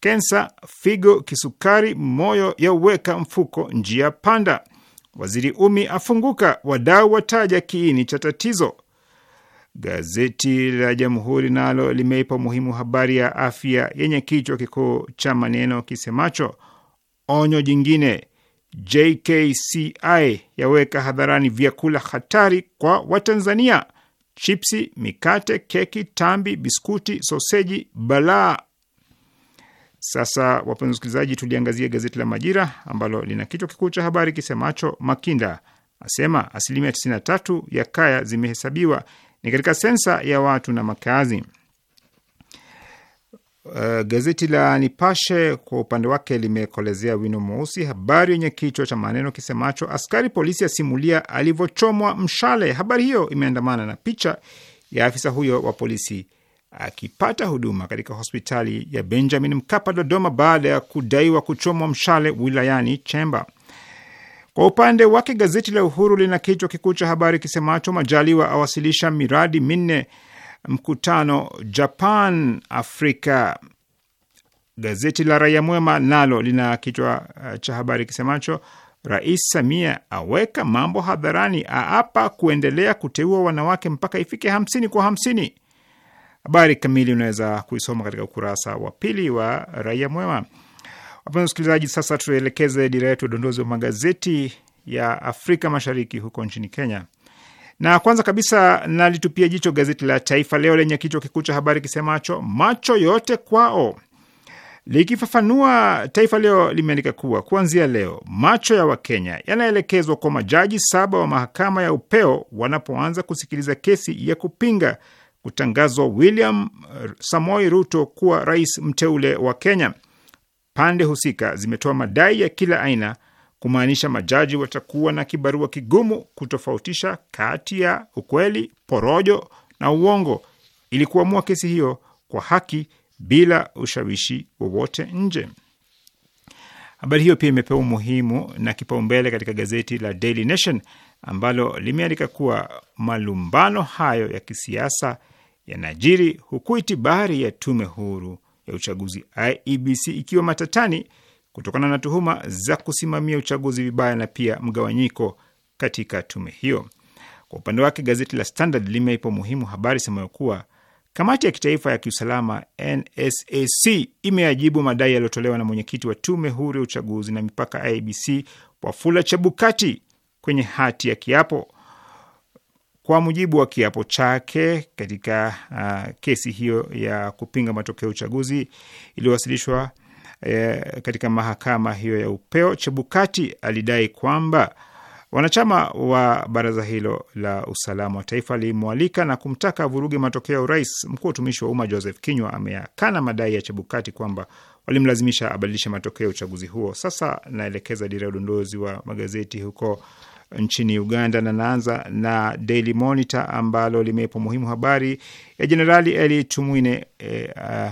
kensa, figo, kisukari, moyo yauweka mfuko njia panda. Waziri Umi afunguka, wadau wataja kiini cha tatizo. Gazeti la Jamhuri nalo limeipa umuhimu habari ya afya yenye kichwa kikuu cha maneno kisemacho onyo jingine, JKCI yaweka hadharani vyakula hatari kwa Watanzania: chipsi, mikate, keki, tambi, biskuti, soseji, balaa sasa wapenzi wasikilizaji, tuliangazia gazeti la Majira ambalo lina kichwa kikuu cha habari kisemacho Makinda asema asilimia 93 ya kaya zimehesabiwa ni katika sensa ya watu na makazi. Uh, gazeti la Nipashe kwa upande wake limekolezea wino mweusi habari yenye kichwa cha maneno kisemacho askari polisi asimulia alivyochomwa mshale. Habari hiyo imeandamana na picha ya afisa huyo wa polisi akipata huduma katika hospitali ya Benjamin Mkapa Dodoma baada ya kudaiwa kuchomwa mshale wilayani Chemba. Kwa upande wake gazeti la Uhuru lina kichwa kikuu cha habari kisemacho Majaliwa awasilisha miradi minne mkutano Japan Afrika. Gazeti la Raia Mwema nalo lina kichwa uh, cha habari kisemacho Rais Samia aweka mambo hadharani, aapa kuendelea kuteua wanawake mpaka ifike hamsini kwa hamsini. Habari kamili unaweza kuisoma katika ukurasa wa pili wa Raia Mwema. Wapenzi wasikilizaji, sasa tuelekeze dira yetu ya udondozi wa magazeti ya Afrika Mashariki huko nchini Kenya, na kwanza kabisa nalitupia jicho gazeti la Taifa Leo lenye kichwa kikuu cha habari kisemacho macho yote kwao. Likifafanua, Taifa Leo limeandika kuwa kuanzia leo macho ya Wakenya yanaelekezwa kwa majaji saba wa mahakama ya upeo wanapoanza kusikiliza kesi ya kupinga kutangazwa William uh, Samoei Ruto kuwa rais mteule wa Kenya. Pande husika zimetoa madai ya kila aina kumaanisha majaji watakuwa na kibarua kigumu kutofautisha kati ya ukweli, porojo na uongo ili kuamua kesi hiyo kwa haki bila ushawishi wowote nje. Habari hiyo pia imepewa umuhimu na kipaumbele katika gazeti la Daily Nation ambalo limeandika kuwa malumbano hayo ya kisiasa yanajiri huku itibari ya tume huru ya uchaguzi IEBC ikiwa matatani kutokana na tuhuma za kusimamia uchaguzi vibaya na pia mgawanyiko katika tume hiyo. Kwa upande wake, gazeti la Standard limeipa umuhimu habari semayo kuwa kamati ya kitaifa ya kiusalama NSAC imeajibu madai yaliyotolewa na mwenyekiti wa tume huru ya uchaguzi na mipaka IEBC Wafula Chebukati kwenye hati ya kiapo kwa mujibu wa kiapo chake katika uh, kesi hiyo ya kupinga matokeo ya uchaguzi iliyowasilishwa uh, katika mahakama hiyo ya upeo, Chebukati alidai kwamba wanachama wa baraza hilo la usalama wa taifa alimwalika na kumtaka vuruge matokeo ya urais. Mkuu wa utumishi wa umma Joseph Kinywa ameyakana madai ya Chebukati kwamba walimlazimisha abadilishe matokeo ya uchaguzi huo. Sasa naelekeza dira ya udondozi wa magazeti huko nchini Uganda, na naanza na Daily Monitor ambalo limeipa muhimu habari ya Jenerali Eli Tumwine eh, uh,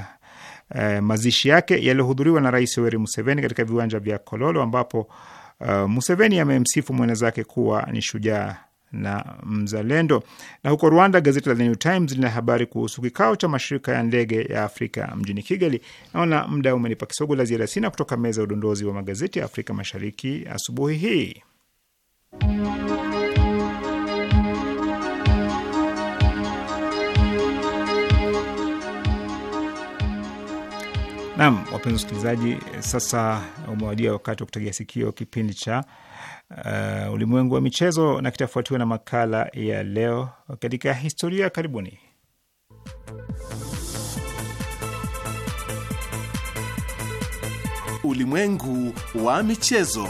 eh, mazishi yake yaliyohudhuriwa na Rais Yoweri Museveni katika viwanja vya Kololo ambapo Uh, Museveni amemsifu mwenzake kuwa ni shujaa na mzalendo. Na huko Rwanda, gazeti la The New Times lina habari kuhusu kikao cha mashirika ya ndege ya Afrika mjini Kigali. Naona muda umenipa kisogo la ziada, sina kutoka meza ya udondozi wa magazeti ya Afrika Mashariki asubuhi hii. Nam, wapenzi wasikilizaji, sasa umewadia wakati wa kutegea sikio kipindi cha uh, ulimwengu wa michezo, na kitafuatiwa na makala ya leo katika historia. Karibuni. Ulimwengu wa michezo.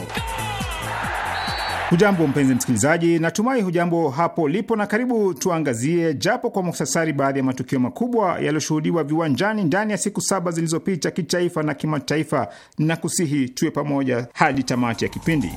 Hujambo mpenzi msikilizaji, natumai hujambo hapo lipo, na karibu tuangazie japo kwa muhtasari baadhi ya matukio makubwa yaliyoshuhudiwa viwanjani ndani ya siku saba zilizopita kitaifa na kimataifa, na kusihi tuwe pamoja hadi tamati ya kipindi.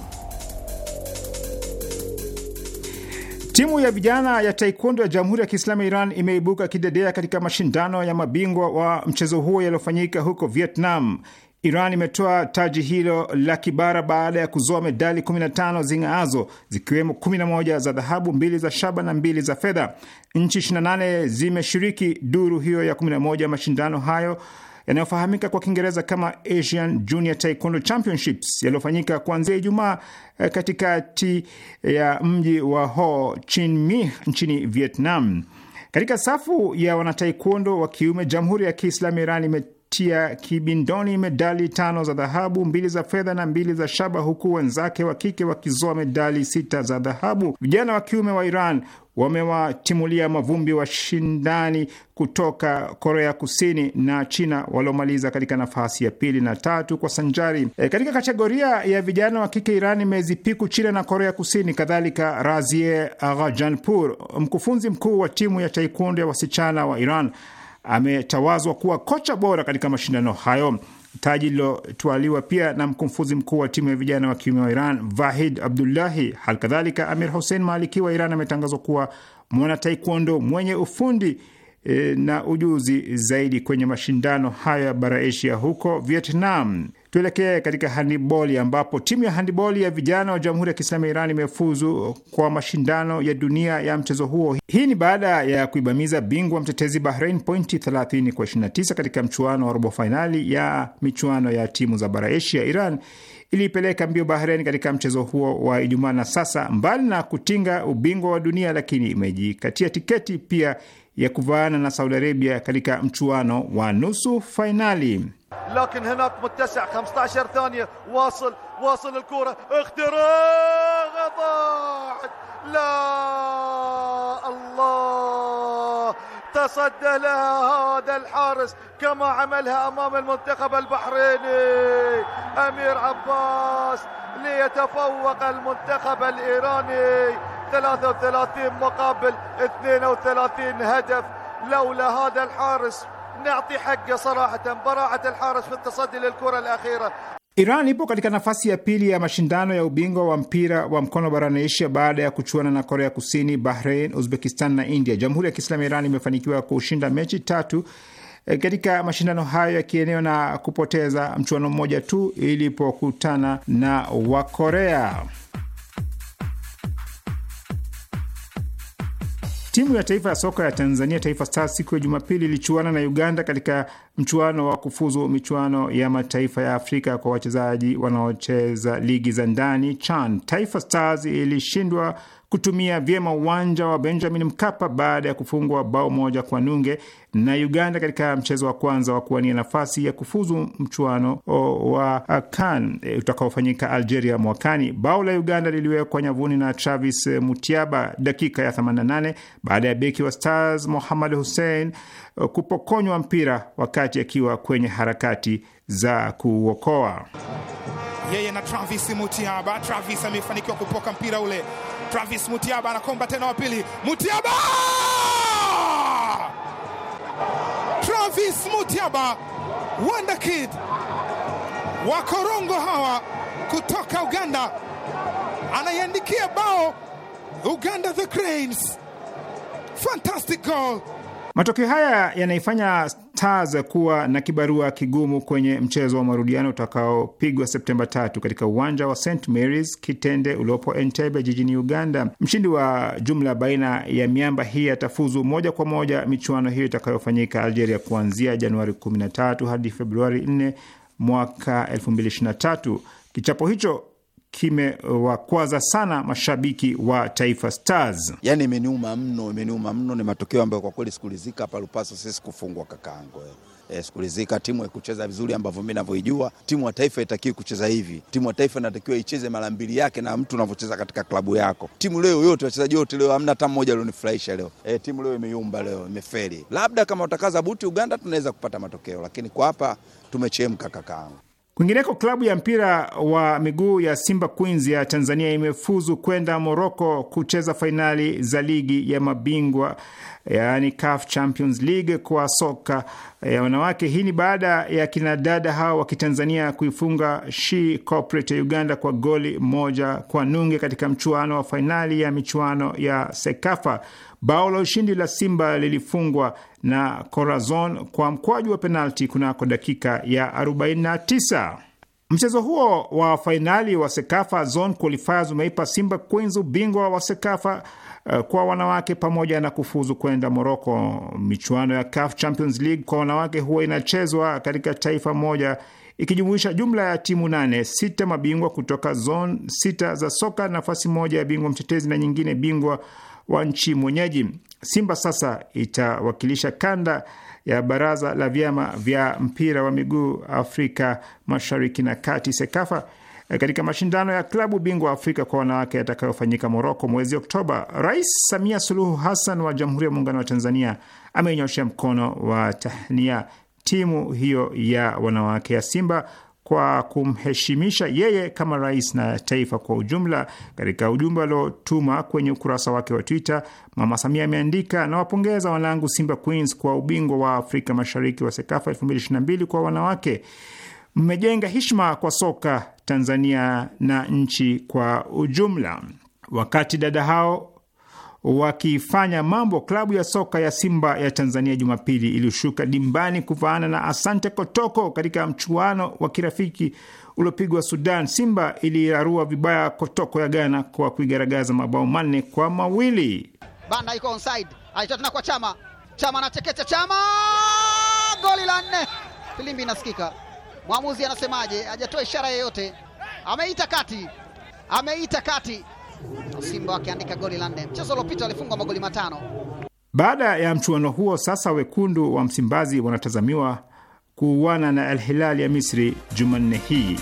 Timu ya vijana ya taekwondo ya Jamhuri ya Kiislamu ya Iran imeibuka kidedea katika mashindano ya mabingwa wa mchezo huo yaliyofanyika huko Vietnam. Iran imetoa taji hilo la kibara baada ya kuzoa medali 15 zing'aazo zikiwemo 11 za dhahabu, mbili za shaba na mbili za fedha. Nchi 28 zimeshiriki duru hiyo ya 11 mashindano hayo yanayofahamika kwa Kiingereza kama Asian Junior Taekwondo Championships yaliyofanyika kuanzia Ijumaa eh, katikati ya mji wa Ho Chi Minh nchini Vietnam. Katika safu ya wanataekwondo wa kiume, Jamhuri ya Kiislamu Iran ime kutia kibindoni medali tano za dhahabu, mbili za fedha na mbili za shaba, huku wenzake wa kike wakizoa medali sita za dhahabu. Vijana wa kiume wa Iran wamewatimulia mavumbi washindani kutoka Korea Kusini na China waliomaliza katika nafasi ya pili na tatu kwa sanjari. E, katika kategoria ya vijana wa kike Iran imezipiku China na Korea Kusini. Kadhalika, Razie Aghajanpur, mkufunzi mkuu wa timu ya taekwondo ya wasichana wa Iran, ametawazwa kuwa kocha bora katika mashindano hayo, taji lilotwaliwa pia na mkufunzi mkuu wa timu ya vijana wa kiume wa Iran Vahid Abdullahi. kadhalika Amir Hussein Maliki wa Iran ametangazwa kuwa mwana taekwondo mwenye ufundi e, na ujuzi zaidi kwenye mashindano hayo ya bara Asia huko Vietnam. Tuelekee katika handiboli ambapo timu ya handiboli ya vijana wa Jamhuri ya Kiislamu ya Iran imefuzu kwa mashindano ya dunia ya mchezo huo. Hii ni baada ya kuibamiza bingwa mtetezi Bahrain pointi 30 kwa 29 katika mchuano wa robo fainali ya michuano ya timu za bara Asia. Iran iliipeleka mbio Bahrain katika mchezo huo wa Ijumaa, na sasa mbali na kutinga ubingwa wa dunia, lakini imejikatia tiketi pia ya kuvaana na Saudi Arabia katika mchuano wa nusu fainali. لكن هناك متسع 15 ثانية واصل واصل الكرة اختراق ضاعت لا الله تصدى لها هذا الحارس كما عملها أمام المنتخب البحريني أمير عباس ليتفوق المنتخب الإيراني 33 مقابل 32 هدف لولا هذا الحارس نعطي حقه صراحة براعة الحارس في التصدي للكرة الأخيرة Iran ipo katika nafasi ya pili ya mashindano ya ubingwa wa mpira wa mkono barani Asia baada ya kuchuana na Korea Kusini, Bahrain, Uzbekistan na India. Jamhuri ya Kiislamu ya Iran imefanikiwa kushinda mechi tatu eh, katika mashindano hayo ya kieneo na kupoteza mchuano mmoja tu ilipokutana na Wakorea. Timu ya taifa ya soka ya Tanzania, Taifa Stars, siku ya Jumapili ilichuana na Uganda katika mchuano wa kufuzu michuano ya mataifa ya Afrika kwa wachezaji wanaocheza ligi za ndani CHAN. Taifa Stars ilishindwa kutumia vyema uwanja wa Benjamin Mkapa baada ya kufungwa bao moja kwa nunge na Uganda katika mchezo wa kwanza wa kuwania nafasi ya kufuzu mchuano wa CAN e, utakaofanyika Algeria mwakani. Bao la Uganda liliwekwa nyavuni na Travis Mutiaba dakika ya 88 baada ya beki wa Stars Mohamed Hussein e, kupokonywa mpira wakati akiwa kwenye harakati za kuuokoa yeye na Travis Mutiaba. Travis amefanikiwa kupoka mpira ule Travis Mutiaba anakomba tena wa pili. Mutiaba! Travis Mutiaba Wonder Kid wakorongo hawa kutoka Uganda anaiandikia bao Uganda the Cranes. Fantastic goal. Matokeo haya yanaifanya Stars kuwa na kibarua kigumu kwenye mchezo wa marudiano utakaopigwa Septemba tatu katika uwanja wa St Mary's Kitende uliopo Entebbe jijini Uganda. Mshindi wa jumla baina ya miamba hii atafuzu moja kwa moja michuano hiyo itakayofanyika Algeria kuanzia Januari 13 hadi Februari 4 mwaka 2023. Kichapo hicho kimewakwaza sana mashabiki wa Taifa Stars. Yani imeniuma mno, imeniuma mno. Ni matokeo ambayo kwa kweli sikulizika hapa Lupaso sisi kufungwa kakaango E, eh, sikulizika timu ikucheza vizuri ambavyo mi navyoijua Timu ya taifa haitakiwi kucheza hivi. Timu ya taifa inatakiwa icheze mara mbili yake na mtu unavyocheza katika klabu yako. Timu leo yote, wachezaji wote leo, hamna hata mmoja alionifurahisha leo. E, timu leo imeyumba, leo imefeli. Labda kama utakaza buti Uganda tunaweza kupata matokeo, lakini kwa hapa tumechemka kakaangu. Kwingineko, klabu ya mpira wa miguu ya Simba Queens ya Tanzania imefuzu kwenda Moroko kucheza fainali za ligi ya mabingwa yaani CAF Champions League kwa soka ya eh, wanawake. Hii ni baada ya kinadada hao wa Kitanzania kuifunga She Corporate ya Uganda kwa goli moja kwa nunge katika mchuano wa fainali ya michuano ya Sekafa. Bao la ushindi la Simba lilifungwa na Corazon kwa mkwaju wa penalti kunako dakika ya 49. Mchezo huo wa fainali wa Sekafa Zone Qualifiers umeipa Simba Queens ubingwa wa Sekafa uh, kwa wanawake pamoja na kufuzu kwenda Moroko. Michuano ya CAF Champions League kwa wanawake huwa inachezwa katika taifa moja ikijumuisha jumla ya timu nane, sita mabingwa kutoka zone sita za soka, nafasi moja ya bingwa mtetezi na nyingine bingwa wa nchi mwenyeji. Simba sasa itawakilisha kanda ya baraza la vyama vya mpira wa miguu Afrika Mashariki na Kati, SEKAFA, eh, katika mashindano ya klabu bingwa Afrika kwa wanawake yatakayofanyika Moroko mwezi Oktoba. Rais Samia Suluhu Hassan wa Jamhuri ya Muungano wa Tanzania amenyoshea mkono wa tahnia timu hiyo ya wanawake ya Simba kwa kumheshimisha yeye kama rais na taifa kwa ujumla. Katika ujumbe aliotuma kwenye ukurasa wake wa Twitter, Mama Samia ameandika, nawapongeza wanangu Simba Queens kwa ubingwa wa Afrika Mashariki wa SEKAFA 2022 kwa wanawake. Mmejenga heshima kwa soka Tanzania na nchi kwa ujumla. Wakati dada hao wakifanya mambo, klabu ya soka ya Simba ya Tanzania Jumapili ilishuka dimbani kufaana na Asante Kotoko katika mchuano wa kirafiki uliopigwa Sudan. Simba iliarua vibaya Kotoko ya Ghana kwa kuigaragaza mabao manne kwa mawili. Banda iko onside, alitoa tena kwa Chama. Chama anachekecha, Chama goli la nne. Filimbi inasikika, mwamuzi anasemaje? Hajatoa ishara yeyote, ameita kati, ameita kati Simba wakiandika goli la nne. Mchezo uliopita walifungwa magoli matano. Baada ya mchuano huo, sasa wekundu wa Msimbazi wanatazamiwa kuuana na Al Hilal ya Misri Jumanne hii.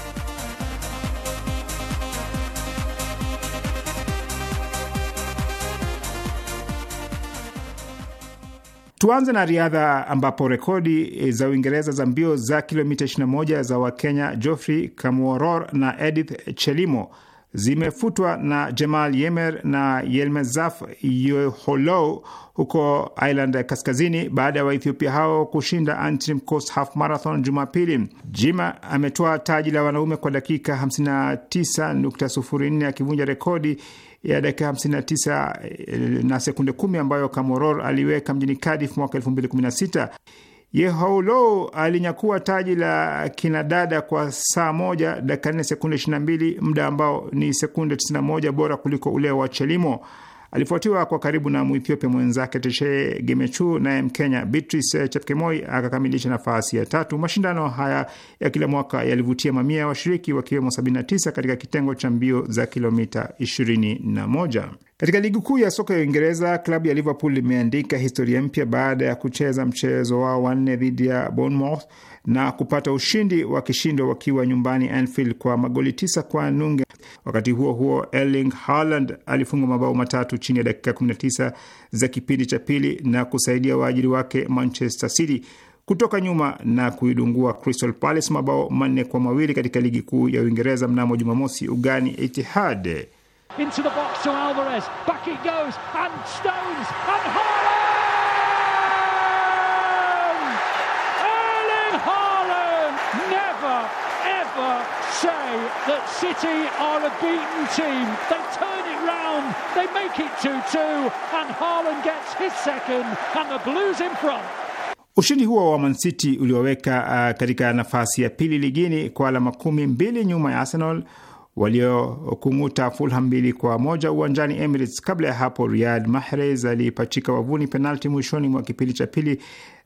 Tuanze na riadha ambapo rekodi za Uingereza za mbio za kilomita 21 za Wakenya Geoffrey Kamworor na Edith Chelimo zimefutwa na Jemal Yemer na Yelmezaf Yeholou huko Ireland Kaskazini baada ya Waethiopia hao kushinda Antrim Coast Half Marathon Jumapili. Jima ametoa taji la wanaume kwa dakika 59.04 akivunja rekodi ya dakika 59 eh, na sekunde kumi ambayo Kamoror aliweka mjini Cardiff mwaka 2016. Yehoulo alinyakua taji la kinadada kwa saa moja dakika nne sekunde mbili muda ambao ni sekunde 91 bora kuliko ule wa Chelimo. Alifuatiwa kwa karibu na muethiopia mwenzake Teshege Gemechu, naye Mkenya Beatrice Chepkemoi akakamilisha nafasi ya tatu. Mashindano haya ya kila mwaka yalivutia mamia ya washiriki wakiwemo 79 katika kitengo cha mbio za kilomita 21. Katika ligi kuu ya soka ya Uingereza, klabu ya Liverpool imeandika historia mpya baada ya kucheza mchezo wao wanne dhidi ya Bournemouth na kupata ushindi wa kishindo wakiwa nyumbani Anfield kwa magoli tisa kwa nunge. Wakati huo huo, Erling Haaland alifunga mabao matatu chini ya dakika 19 za kipindi cha pili na kusaidia waajiri wake Manchester City kutoka nyuma na kuidungua Crystal Palace mabao manne kwa mawili katika ligi kuu ya Uingereza mnamo Jumamosi ugani Etihad. Into the box to Alvarez. Back it goes. And Stones. And know that City are a beaten team. They turn it round, they make it 2-2, and Haaland gets his second, and the Blues in front. Ushindi huo wa Man City ulioweka uh, katika nafasi ya pili ligini kwa alama kumi mbili nyuma ya Arsenal waliokung'uta Fulham mbili kwa moja uwanjani Emirates. Kabla ya hapo, Riyad Mahrez alipachika wavuni penalti mwishoni mwa kipindi cha pili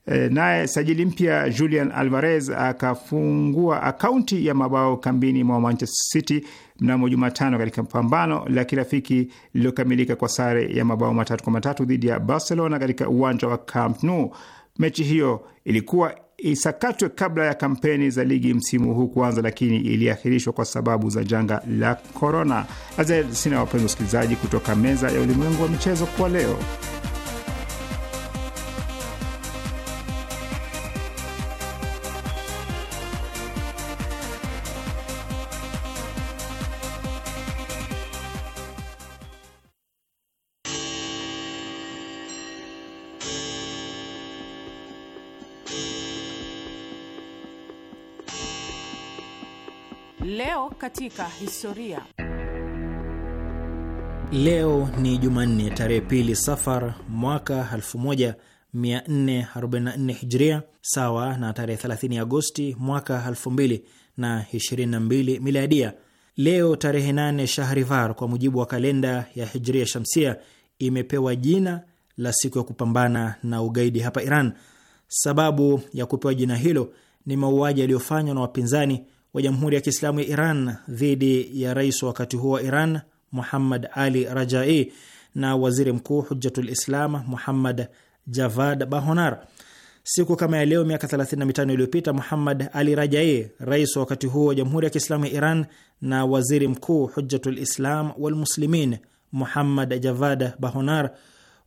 Eh, naye sajili mpya Julian Alvarez akafungua akaunti ya mabao kambini mwa Manchester City mnamo Jumatano katika pambano la kirafiki lililokamilika kwa sare ya mabao matatu kwa matatu dhidi ya Barcelona katika uwanja wa Camp Nou. Mechi hiyo ilikuwa isakatwe kabla ya kampeni za ligi msimu huu kuanza, lakini iliahirishwa kwa sababu za janga la korona. Azsina, sina, wapenzi wasikilizaji, kutoka meza ya ulimwengu wa michezo kwa leo. katika historia. Leo ni Jumanne tarehe pili Safar mwaka 1444 Hijria, sawa na tarehe 30 Agosti mwaka 2022 Miladia. Leo tarehe 8 Shahrivar kwa mujibu wa kalenda ya Hijria Shamsia imepewa jina la siku ya kupambana na ugaidi hapa Iran. Sababu ya kupewa jina hilo ni mauaji yaliyofanywa na wapinzani wa Jamhuri ya Kiislamu ya Iran dhidi ya rais wa wakati huo wa Iran Muhammad Ali Rajai na waziri mkuu Hujjatul Islam Muhammad Javad Bahonar. Siku kama ya leo miaka 35 iliyopita, Muhammad Ali Rajai, rais wa wakati huo wa Jamhuri ya Kiislamu ya Iran na waziri mkuu Hujjatul Islam Walmuslimin Muhammad Javad Bahonar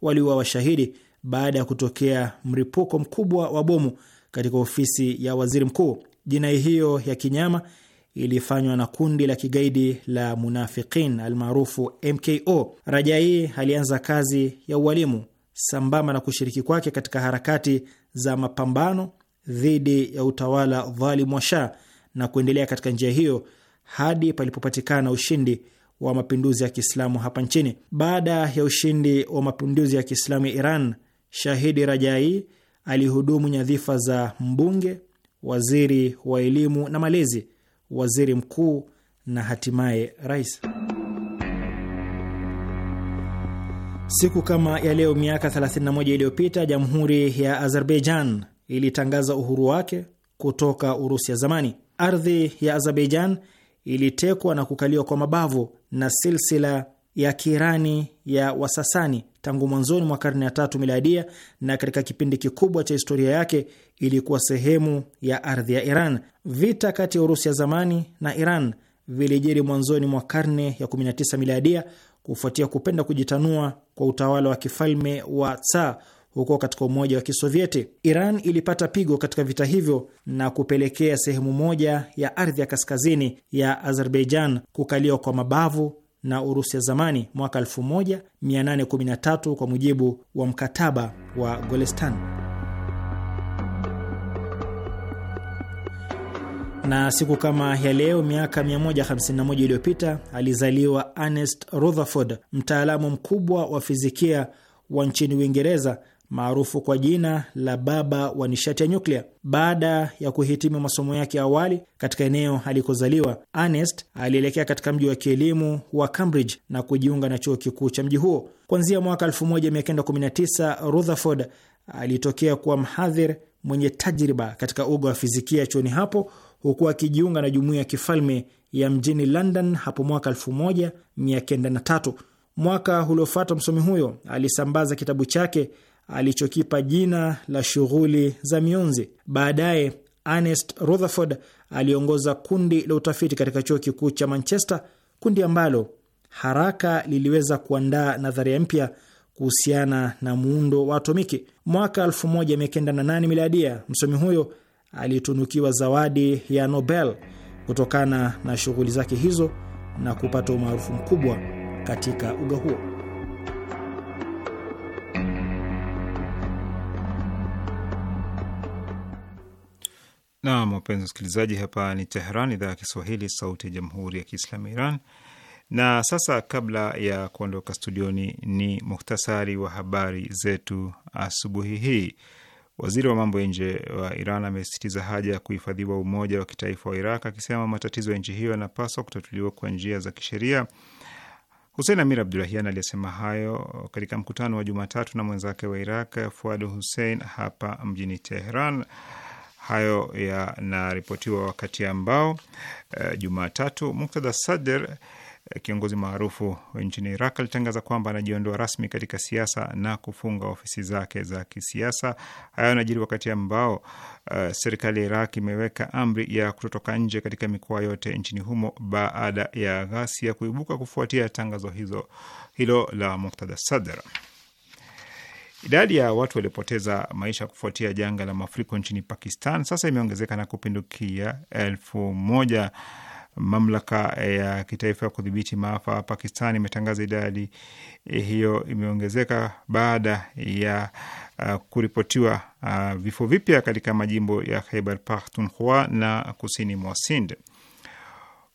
waliuwa washahidi baada ya kutokea mripuko mkubwa wa bomu katika ofisi ya waziri mkuu. Jinai hiyo ya kinyama ilifanywa na kundi la kigaidi la Munafiqin almaarufu MKO. Rajai alianza kazi ya ualimu sambamba na kushiriki kwake katika harakati za mapambano dhidi ya utawala dhalimu wa Shah na kuendelea katika njia hiyo hadi palipopatikana ushindi wa mapinduzi ya Kiislamu hapa nchini. Baada ya ushindi wa mapinduzi ya Kiislamu ya Iran, Shahidi Rajai alihudumu nyadhifa za mbunge waziri wa elimu na malezi, waziri mkuu na hatimaye rais. Siku kama ya leo miaka 31 iliyopita jamhuri ya Azerbaijan ilitangaza uhuru wake kutoka Urusi ya zamani. Ardhi ya Azerbaijan ilitekwa na kukaliwa kwa mabavu na silsila ya Kirani ya Wasasani tangu mwanzoni mwa karne ya tatu miladia, na katika kipindi kikubwa cha historia yake ilikuwa sehemu ya ardhi ya Iran. Vita kati ya Urusi ya zamani na Iran vilijiri mwanzoni mwa karne ya 19 miliadia kufuatia kupenda kujitanua kwa utawala wa kifalme wa Tsar huko katika Umoja wa Kisovieti. Iran ilipata pigo katika vita hivyo na kupelekea sehemu moja ya ardhi ya kaskazini ya Azerbaijan kukaliwa kwa mabavu na Urusi ya zamani mwaka 1813 kwa mujibu wa mkataba wa Golestan. na siku kama ya leo miaka 151 iliyopita alizaliwa Ernest Rutherford, mtaalamu mkubwa wa fizikia wa nchini Uingereza, maarufu kwa jina la baba wa nishati ya nyuklia. Baada ya kuhitimu masomo yake awali katika eneo alikozaliwa, Ernest alielekea katika mji wa kielimu wa Cambridge na kujiunga na chuo kikuu cha mji huo. Kuanzia mwaka 1919 Rutherford alitokea kuwa mhadhiri mwenye tajriba katika uga wa fizikia chuoni hapo huku akijiunga na jumuiya ya kifalme ya mjini London hapo mwaka 1903. Mwaka uliofuata msomi huyo alisambaza kitabu chake alichokipa jina la Shughuli za Mionzi. Baadaye Ernest Rutherford aliongoza kundi la utafiti katika chuo kikuu cha Manchester, kundi ambalo haraka liliweza kuandaa nadharia mpya kuhusiana na muundo wa atomiki. Mwaka 1908 miladia, msomi huyo alitunukiwa zawadi ya Nobel kutokana na shughuli zake hizo na kupata umaarufu mkubwa katika uga huo. Naam, wapenzi wasikilizaji, hapa ni Tehran, idhaa ya Kiswahili, sauti ya jamhuri ya kiislamu ya Iran. Na sasa kabla ya kuondoka studioni, ni muhtasari wa habari zetu asubuhi hii. Waziri wa mambo ya nje wa Iran amesisitiza haja ya kuhifadhiwa umoja wa kitaifa wa Iraq akisema matatizo ya nchi hiyo yanapaswa kutatuliwa kwa njia za kisheria. husein Amir Abdulahian aliyesema hayo katika mkutano wa Jumatatu na mwenzake wa Iraq Fuad Hussein hapa mjini Teheran. Hayo yanaripotiwa wakati ambao uh, Jumatatu Muktada Sader kiongozi maarufu nchini Iraq alitangaza kwamba anajiondoa rasmi katika siasa na kufunga ofisi zake za kisiasa. Hayo anajiri wakati ambao uh, serikali ya Iraq imeweka amri ya kutotoka nje katika mikoa yote nchini humo baada ya ghasia kuibuka kufuatia tangazo hizo hilo la Muktada Sadr. Idadi ya watu waliopoteza maisha kufuatia janga la mafuriko nchini Pakistan sasa imeongezeka na kupindukia elfu moja mamlaka eh, ya kitaifa ya kudhibiti maafa Pakistan imetangaza idadi eh, hiyo imeongezeka baada ya uh, kuripotiwa uh, vifo vipya katika majimbo ya Khyber Pakhtunkhwa na kusini mwa Sind.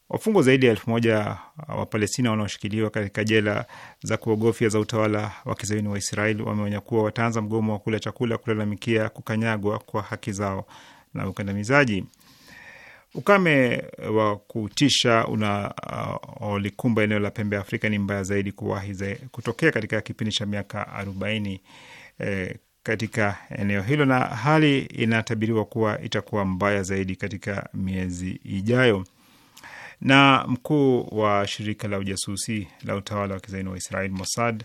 Wafungwa zaidi ya elfu moja wa Palestina wanaoshikiliwa katika jela za kuogofya za utawala wa kizayuni wa Israeli wameonya kuwa wataanza mgomo wa kula chakula kulalamikia kukanyagwa kwa haki zao na ukandamizaji. Ukame wa kutisha unaolikumba uh, eneo la pembe ya Afrika ni mbaya zaidi kuwahi kutokea katika kipindi cha miaka arobaini eh, katika eneo hilo, na hali inatabiriwa kuwa itakuwa mbaya zaidi katika miezi ijayo. Na mkuu wa shirika la ujasusi la utawala wa kizaini wa Israel Mossad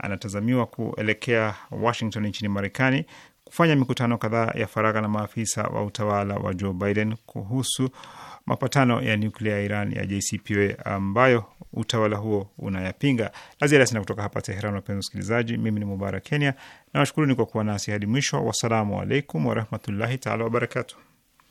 anatazamiwa kuelekea Washington nchini Marekani kufanya mikutano kadhaa ya faragha na maafisa wa utawala wa Joe Biden kuhusu mapatano ya nuklia ya Iran ya JCPOA ambayo utawala huo unayapinga. La ziada sina kutoka hapa Teheran, wapenzi wasikilizaji. Mimi ni Mubarak Kenya nawashukuru ni kwa kuwa nasi hadi mwisho. Wassalamu alaikum warahmatullahi taala wabarakatuh